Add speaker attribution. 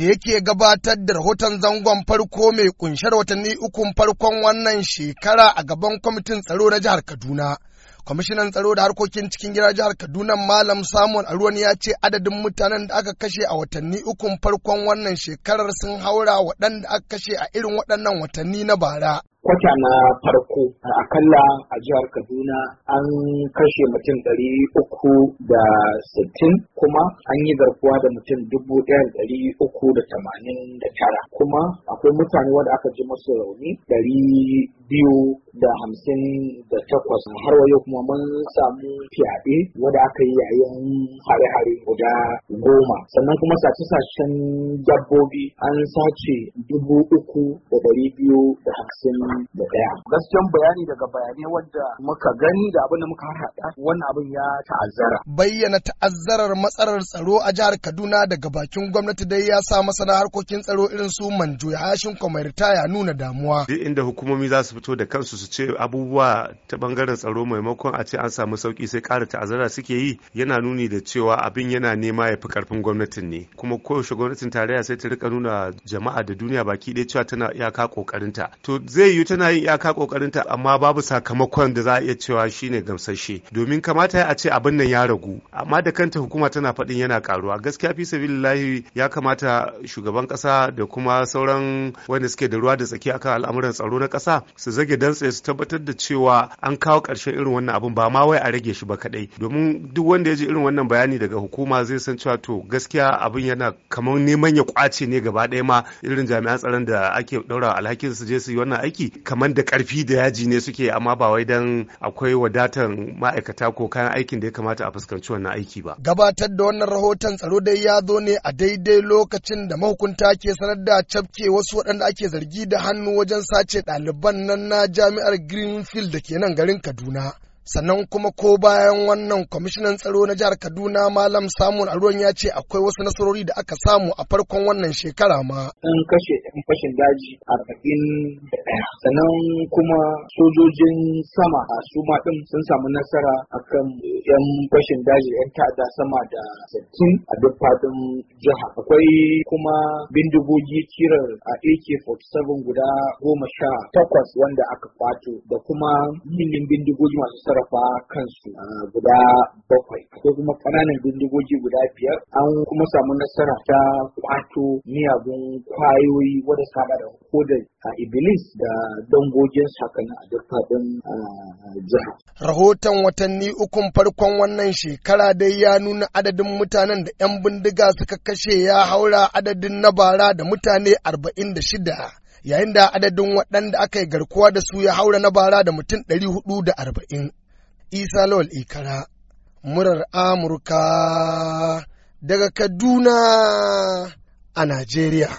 Speaker 1: da yake gabatar da rahoton zangon farko mai kunshar watanni ukun farkon wannan shekara a gaban kwamitin tsaro na jihar Kaduna. Kwamishinan tsaro da harkokin cikin gida jihar Kaduna Malam Samun Aruwan ya ce adadin mutanen da aka kashe a watanni ukun farkon wannan shekarar sun haura waɗanda aka kashe a irin waɗannan watanni na bara. kwata na
Speaker 2: farko a akalla a jihar kaduna an kashe mutum ɗari uku da sittin kuma an yi garkuwa da mutum dubu ɗaya da ɗari uku da tamanin da tara kuma akwai mutane wanda aka ji masu rauni ɗari biyu da hamsin da takwas har wayo kuma mun samu fyaɗe wanda aka yi yayin hare-hare guda goma sannan kuma sace-sacen dabbobi an sace dubu uku da ɗari biyu da hamsin da ɗaya
Speaker 1: gaskiyan bayani daga bayanai wanda muka gani da abin da muka haɗa wannan abin ya ta'azzara bayyana ta'azzarar matsalar tsaro a jihar kaduna daga bakin gwamnati dai ya sa masana harkokin tsaro irin su manjo ya hashin ya nuna damuwa
Speaker 3: duk inda hukumomi za su fito da kansu su ce abubuwa ta bangaren tsaro maimakon a ce an samu sauki sai kara ta'azzara suke yi yana nuni da cewa abin yana nema ya fi karfin gwamnatin ne kuma koyaushe gwamnatin tarayya sai ta rika nuna jama'a da duniya baki ɗaya cewa tana iyaka kokarinta to zai yiwu tana yin iyaka kokarinta amma babu sakamakon da za a iya cewa shine gamsashe domin kamata a ce abin nan ya ragu amma da kanta hukuma tana faɗin yana karuwa gaskiya fi sabilillahi ya kamata shugaban ƙasa da kuma sauran wanda suke da ruwa da tsaki akan al'amuran tsaro na ƙasa su su zage dantse su tabbatar da cewa an kawo ƙarshen irin wannan abun ba ma wai a rage shi ba kadai domin duk wanda ya ji irin wannan bayani daga hukuma zai san cewa to gaskiya abin yana kamar neman ya kwace ne gaba ɗaya ma irin jami'an tsaron da ake ɗaura alhakin su je su yi wannan aiki kamar da ƙarfi da yaji ne suke amma ba wai dan akwai wadatan ma'aikata ko kayan aikin da ya kamata a fuskanci wannan aiki ba.
Speaker 1: Gabatar da wannan rahoton tsaro dai ya zo ne a daidai lokacin da mahukunta ke sanar da cafke wasu waɗanda ake zargi da hannu wajen sace ɗaliban nan na jami'ar Greenfield da ke nan garin Kaduna. sannan kuma ko bayan wannan kwamishinan tsaro na jihar kaduna malam samun aruwan ya ce akwai wasu nasarori da aka samu a farkon wannan shekara ma an kashe yan fashin daji arba'in da sannan
Speaker 2: kuma sojojin sama a su sun samu nasara akan yan fashin daji yan ta'adda sama da sittin a duk fadin jiha akwai kuma bindigogi kirar a ak-47 guda goma sha takwas wanda aka kwato da kuma yin bindigogi masu sarrafa kansu ah, guda bakwai ko kuma ƙananan bindigogi guda biyar an kuma samu nasara ta kwato miyagun kwayoyi wadda saba da kodar ah, iblis da dangogin sakanin a duk faɗin ah, jiha.
Speaker 1: rahoton watanni ukun farkon wannan shekara dai ya nuna adadin mutanen da 'yan bindiga suka kashe ya haura adadin na bara da mutane arba'in da shida. yayin da adadin waɗanda aka yi garkuwa da su ya haura na bara da mutum ɗari hudu da arba'in. Isa Lol Ikara, murar Amurka daga Kaduna a
Speaker 2: Najeriya.